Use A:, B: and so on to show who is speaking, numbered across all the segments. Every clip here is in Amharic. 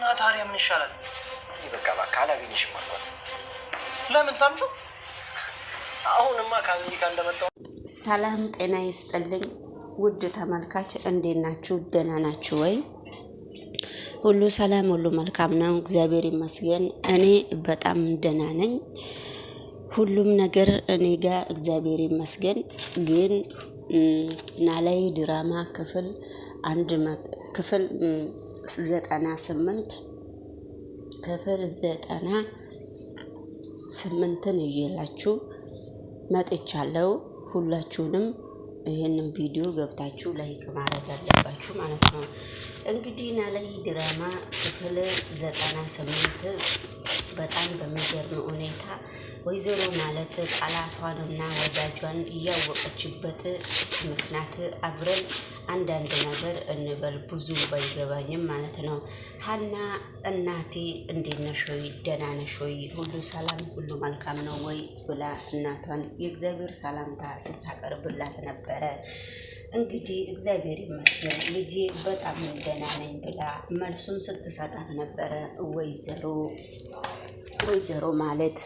A: እና ታዲያ ምን ይሻላል? በቃ በቃ አላገኘሽም አልኳት። ለምን ታምጩ? አሁንማ ከአሜሪካ
B: እንደመጣሁ። ሰላም ጤና ይስጥልኝ ውድ ተመልካች እንዴት ናችሁ? ደህና ናችሁ ወይ? ሁሉ ሰላም፣ ሁሉ መልካም ነው። እግዚአብሔር ይመስገን። እኔ በጣም ደህና ነኝ። ሁሉም ነገር እኔ ጋር እግዚአብሔር ይመስገን። ግን ናላይ ድራማ ክፍል አንድ ክፍል ዘጠና ስምንት ክፍል ዘጠና ስምንትን እየላችሁ መጥቻለሁ። ሁላችሁንም ይህንን ቪዲዮ ገብታችሁ ላይክ ማድረግ አለባችሁ ማለት ነው። እንግዲህ ኖላዊ ድራማ ክፍል ዘጠና ስምንት በጣም በሚገርም ሁኔታ ወይዘሮ ማለት ጠላቷንና ወዳጇን እያወቀችበት ምክንያት አብረን አንዳንድ ነገር እንበል ብዙ ባይገባኝም ማለት ነው። ሀና እናቴ እንዴት ነሽ ወይ ደህና ነሽ ወይ ሁሉ ሰላም ሁሉ መልካም ነው ወይ ብላ እናቷን የእግዚአብሔር ሰላምታ ስታቀርብላት ነበረ። እንግዲህ እግዚአብሔር ይመስገን ልጄ በጣም ደህና ነኝ ብላ መልሱን ስትሰጣት ነበረ ወይዘሮ ወይዘሮ ማለት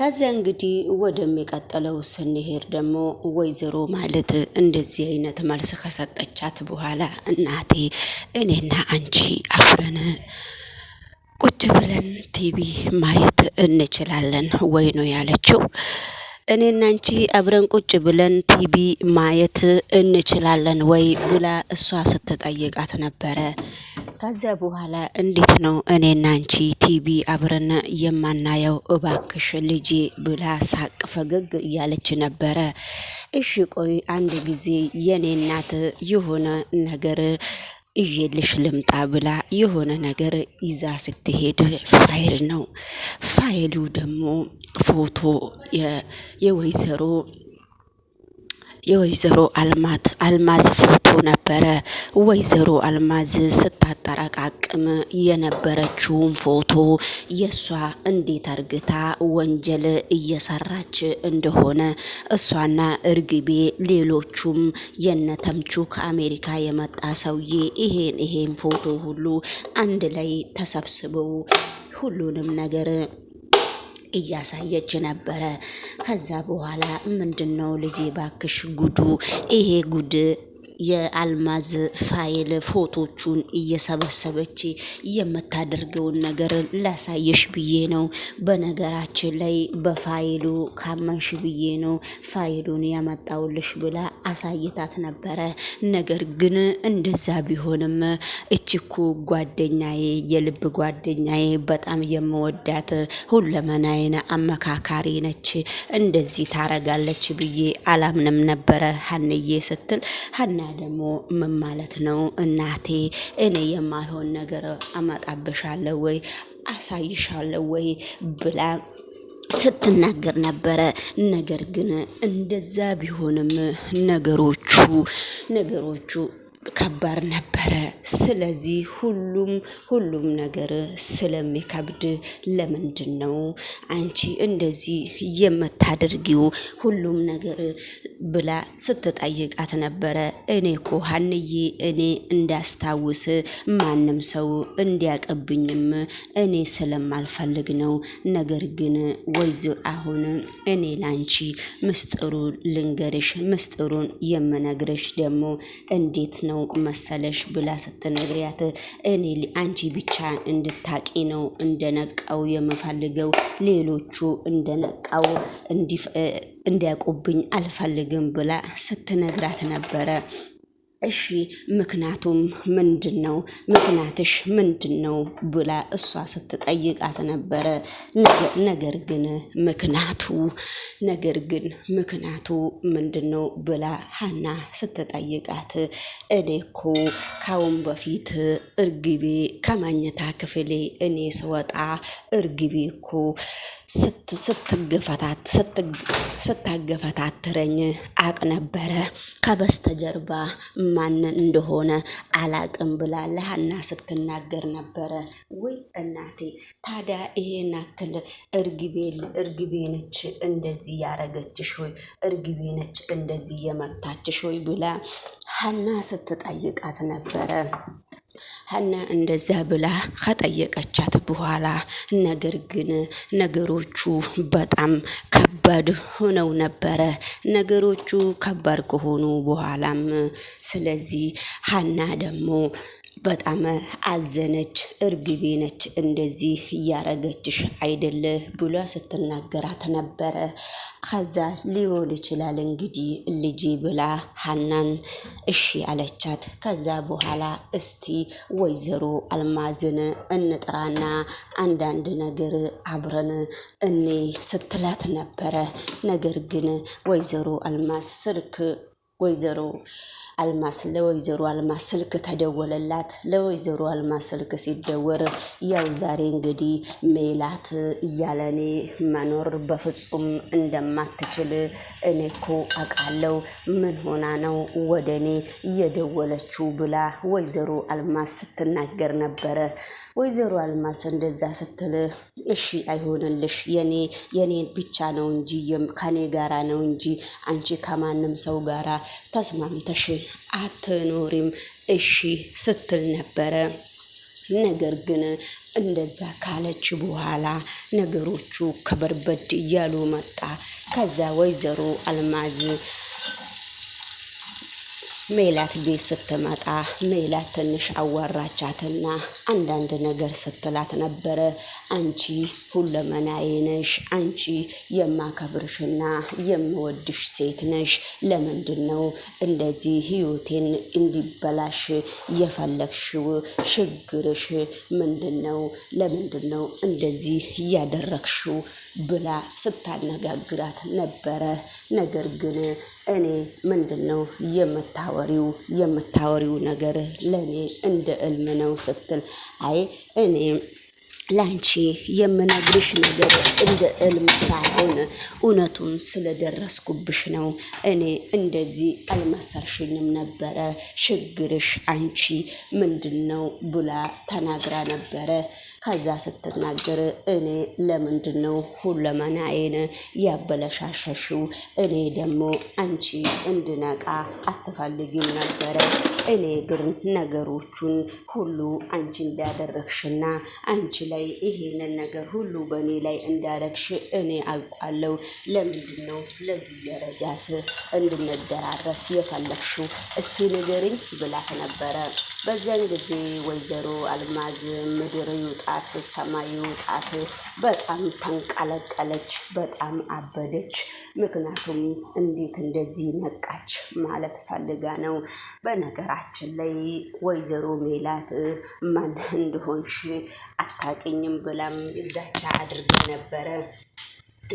B: ከዚያ እንግዲህ ወደሚቀጥለው ስንሄድ ደግሞ ወይዘሮ ማለት እንደዚህ አይነት መልስ ከሰጠቻት በኋላ እናቴ እኔና አንቺ አብረን ቁጭ ብለን ቲቪ ማየት እንችላለን ወይ ነው ያለችው። እኔና አንቺ አብረን ቁጭ ብለን ቲቪ ማየት እንችላለን ወይ ብላ እሷ ስትጠይቃት ነበረ። ከዛ በኋላ እንዴት ነው እኔና አንቺ ቲቪ አብረን የማናየው? እባክሽ ልጄ ብላ ሳቅ ፈገግ እያለች ነበረ። እሺ ቆይ አንድ ጊዜ የኔ እናት የሆነ ነገር እየልሽ ልምጣ ብላ የሆነ ነገር ይዛ ስትሄድ ፋይል ነው። ፋይሉ ደግሞ ፎቶ የወይዘሮ የወይዘሮ አልማት አልማዝ ፎቶ ነበረ። ወይዘሮ አልማዝ ስታጠራቃቅም የነበረችውን ፎቶ የእሷ እንዴት አርግታ ወንጀል እየሰራች እንደሆነ እሷና እርግቤ፣ ሌሎቹም የነተምቹ ከአሜሪካ የመጣ ሰውዬ ይሄን ይሄን ፎቶ ሁሉ አንድ ላይ ተሰብስበው ሁሉንም ነገር እያሳየች ነበረ። ከዛ በኋላ ምንድን ነው ልጄ ባክሽ ጉዱ ይሄ ጉድ የአልማዝ ፋይል ፎቶቹን እየሰበሰበች የምታደርገውን ነገር ላሳየሽ ብዬ ነው። በነገራችን ላይ በፋይሉ ካመንሽ ብዬ ነው ፋይሉን ያመጣውልሽ ብላ አሳይታት ነበረ። ነገር ግን እንደዛ ቢሆንም እችኩ ጓደኛዬ፣ የልብ ጓደኛዬ በጣም የምወዳት ሁለመናዬን አመካካሪ ነች፣ እንደዚህ ታረጋለች ብዬ አላምንም ነበረ ሀንዬ ስትል ሀና ደግሞ ምን ማለት ነው እናቴ እኔ የማይሆን ነገር አመጣብሻለሁ ወይ አሳይሻለሁ ወይ ብላ ስትናገር ነበረ። ነገር ግን እንደዛ ቢሆንም ነገሮቹ ነገሮቹ ከባድ ነበረ። ስለዚህ ሁሉም ሁሉም ነገር ስለሚከብድ ለምንድን ነው አንቺ እንደዚህ የምታደርጊው ሁሉም ነገር ብላ ስትጠይቃት ነበረ። እኔ እኮ ሀንዬ እኔ እንዳስታውስ ማንም ሰው እንዲያቀብኝም እኔ ስለማልፈልግ ነው። ነገር ግን ወይዝ አሁን እኔ ላንቺ ምስጢሩ ልንገርሽ። ምስጢሩን የምነግርሽ ደግሞ እንዴት ነው ነው መሰለሽ ብላ ስትነግሪያት እኔ አንቺ ብቻ እንድታቂ ነው እንደነቃው የምፈልገው ሌሎቹ እንደነቃው እንዲያውቁብኝ አልፈልግም ብላ ስትነግራት ነበረ። እሺ ምክንያቱም ምንድን ነው? ምክንያትሽ ምንድን ነው ብላ እሷ ስትጠይቃት ነበረ። ነገር ግን ምክንያቱ ነገር ግን ምክንያቱ ምንድን ነው ብላ ሀና ስትጠይቃት እኔ እኮ ካሁን በፊት እርግቤ ከማኘታ ክፍሌ እኔ ስወጣ እርግቤ እኮ ስታገፈታትረኝ አቅ ነበረ ከበስተጀርባ ማን እንደሆነ አላቅም ብላ ለሀና ስትናገር ነበረ። ወይ እናቴ ታዲያ ይሄን አክል እርግቤል እርግቤነች እንደዚህ ያረገችሽ ሆይ እርግቤነች እንደዚህ የመታችሽ ሆይ ብላ ሀና ስትጠይቃት ነበረ። ሀና እንደዛ ብላ ከጠየቀቻት በኋላ ነገር ግን ነገሮቹ በጣም ከባድ ሆነው ነበረ። ነገሮቹ ከባድ ከሆኑ በኋላም ስለዚህ ሀና ደግሞ በጣም አዘነች። እርግቤ ነች እንደዚህ እያረገችሽ አይደለ ብሎ ስትናገራት ነበረ። ከዛ ሊሆን ይችላል እንግዲህ ልጄ ብላ ሀናን እሺ አለቻት። ከዛ በኋላ እስቲ ወይዘሮ አልማዝን እንጥራና አንዳንድ ነገር አብረን እኔ ስትላት ነበረ። ነገር ግን ወይዘሮ አልማዝ ስልክ ወይዘሮ አልማስ ለወይዘሮ አልማስ ስልክ ተደወለላት። ለወይዘሮ አልማስ ስልክ ሲደወር ያው ዛሬ እንግዲህ ሜላት እያለኔ መኖር በፍጹም እንደማትችል እኔ እኮ አውቃለሁ። ምን ሆና ነው ወደ እኔ እየደወለችው ብላ ወይዘሮ አልማስ ስትናገር ነበረ። ወይዘሮ አልማስ እንደዛ ስትል እሺ አይሆንልሽ፣ የኔ የኔን ብቻ ነው እንጂ ከኔ ጋራ ነው እንጂ አንቺ ከማንም ሰው ጋራ ተስማምተሽ አትኖሪም እሺ ስትል ነበረ። ነገር ግን እንደዛ ካለች በኋላ ነገሮቹ ከበርበድ እያሉ መጣ። ከዛ ወይዘሮ አልማዝ ሜላት ቤት ስትመጣ ሜላት ትንሽ አዋራቻትና አንዳንድ ነገር ስትላት ነበረ። አንቺ ሁለመናዬ ነሽ፣ አንቺ የማከብርሽና የምወድሽ ሴት ነሽ። ለምንድን ነው እንደዚህ ህይወቴን እንዲበላሽ የፈለግሽው? ችግርሽ ምንድን ነው? ለምንድን ነው እንደዚህ እያደረግሽው? ብላ ስታነጋግራት ነበረ። ነገር ግን እኔ ምንድን ነው የምታወሪው የምታወሪው ነገር ለእኔ እንደ እልም ነው ስትል አይ እኔ ላንቺ የምነግርሽ ነገር እንደ እልም ሳይሆን እውነቱን ስለደረስኩብሽ ነው። እኔ እንደዚህ አልመሰርሽኝም ነበረ። ችግርሽ አንቺ ምንድን ነው ብላ ተናግራ ነበረ። ከዛ ስትናገር እኔ ለምንድን ነው ሁለመናዬን ያበለሻሸሽው? እኔ ደግሞ አንቺ እንድነቃ አትፈልጊም ነበረ። እኔ ግን ነገሮቹን ሁሉ አንቺ እንዳደረግሽና አንቺ ላይ ይሄንን ነገር ሁሉ በእኔ ላይ እንዳደረግሽ እኔ አውቃለሁ። ለምንድን ነው ለዚህ ደረጃስ እንድንደራረስ የፈለግሽው? እስቲ ንገሪኝ ብላት ነበረ። በዚያን ጊዜ ወይዘሮ አልማዝ ምድር ይውጣት ሰማይ ይውጣት በጣም ተንቀለቀለች፣ በጣም አበደች። ምክንያቱም እንዴት እንደዚህ ነቃች ማለት ፈልጋ ነው። በነገራችን ላይ ወይዘሮ ሜላት ማን እንደሆንሽ አታውቂኝም ብላም ዛቻ አድርጋ ነበረ።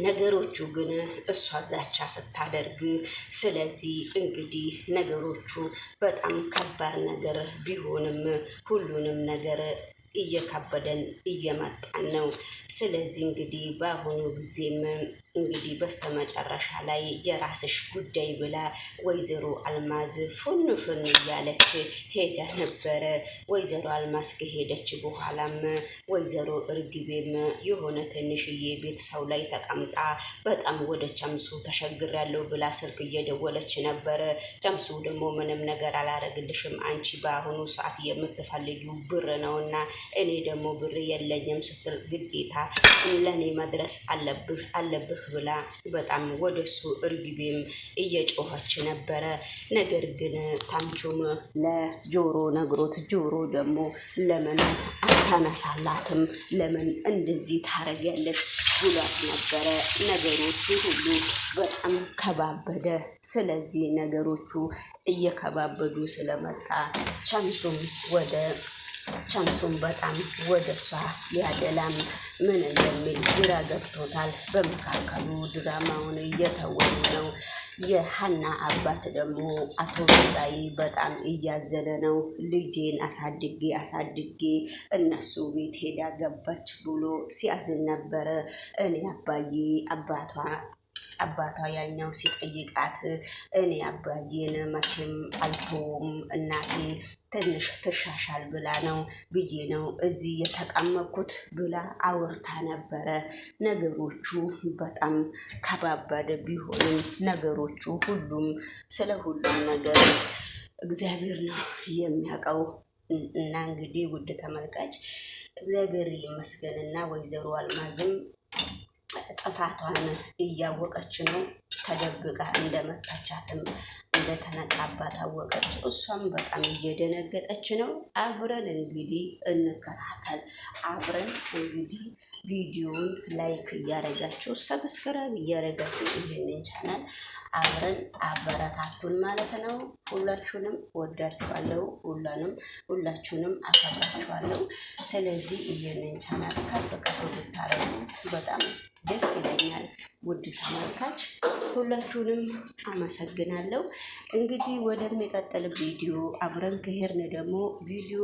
B: ነገሮቹ ግን እሷ ዛቻ ስታደርግ፣ ስለዚህ እንግዲህ ነገሮቹ በጣም ከባድ ነገር ቢሆንም ሁሉንም ነገር እየከበደን እየመጣን ነው። ስለዚህ እንግዲህ በአሁኑ ጊዜም እንግዲህ በስተመጨረሻ ላይ የራስሽ ጉዳይ ብላ ወይዘሮ አልማዝ ፉን ፉን እያለች ሄዳ ነበረ። ወይዘሮ አልማዝ ከሄደች በኋላም ወይዘሮ እርግቤም የሆነ ትንሽዬ ቤት ሰው ላይ ተቀምጣ በጣም ወደ ጨምሱ ያለው ብላ ስልክ እየደወለች ነበረ። ጨምሱ ደግሞ ምንም ነገር አላረግልሽም፣ አንቺ በአሁኑ ሰዓት የምትፈልጊው ብር እና እኔ ደግሞ ብር የለኝም ስትል ግዴታ ለእኔ መድረስ አለብህ አለብህ ብላ በጣም ወደ እሱ እርግቤም እየጮኸች ነበረ። ነገር ግን ታምቹም ለጆሮ ነግሮት ጆሮ ደግሞ ለምን አታነሳላትም? ለምን እንደዚህ ታረጊያለሽ? ጉላት ነበረ። ነገሮቹ ሁሉ በጣም ከባበደ። ስለዚህ ነገሮቹ እየከባበዱ ስለመጣ ሸምሱም ወደ ቻንሱን በጣም ወደ እሷ ሊያደላም ምን እንደሚል ግራ ገብቶታል። በመካከሉ ድራማውን እየተወኑ ነው። የሀና አባት ደግሞ አቶ ጣይ በጣም እያዘነ ነው። ልጄን አሳድጌ አሳድጌ እነሱ ቤት ሄዳ ገባች ብሎ ሲያዝን ነበረ። እኔ አባዬ አባቷ አባቷ ያኛው ሲጠይቃት እኔ አባዬን መቼም አልተውም እናቴ ትንሽ ትሻሻል ብላ ነው ብዬ ነው እዚህ የተቀመጥኩት ብላ አውርታ ነበረ። ነገሮቹ በጣም ከባባድ ቢሆንም ነገሮቹ ሁሉም ስለ ሁሉም ነገር እግዚአብሔር ነው የሚያውቀው። እና እንግዲህ ውድ ተመልካች እግዚአብሔር ይመስገንና ወይዘሮ አልማዝም ጥፋቷን እያወቀች ነው ተደብቃ እንደመታቻትም እንደተነቃባት አወቀች። እሷም በጣም እየደነገጠች ነው። አብረን እንግዲህ እንከታተል። አብረን እንግዲህ ቪዲዮውን ላይክ እያደረጋችሁ ሰብስክራይብ እያደረጋችሁ ይህንን ቻናል አብረን አበረታቱን ማለት ነው። ሁላችሁንም ወዳችኋለሁ። ሁላንም ሁላችሁንም አከብራችኋለሁ። ስለዚህ ይህንን ቻናል ከፍ ከፍ ብታረጉ በጣም ደስ ደስ ይለኛል። ውድ ተመልካች ሁላችሁንም አመሰግናለሁ። እንግዲህ ወደሚቀጥል ቪዲዮ አብረን ከሄድን ደግሞ ቪዲዮ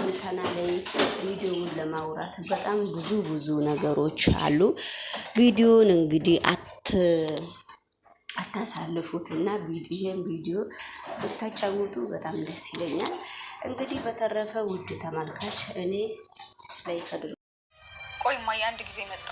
B: እንተና ላይ ቪዲዮውን ለማውራት በጣም ብዙ ብዙ ነገሮች አሉ። ቪዲዮን እንግዲህ አት አታሳልፉት እና ይህን ቪዲዮ ብታጫውቱ በጣም ደስ ይለኛል። እንግዲህ በተረፈ ውድ ተመልካች እኔ ላይ ከድሮ ቆይ ማየ ጊዜ መጣ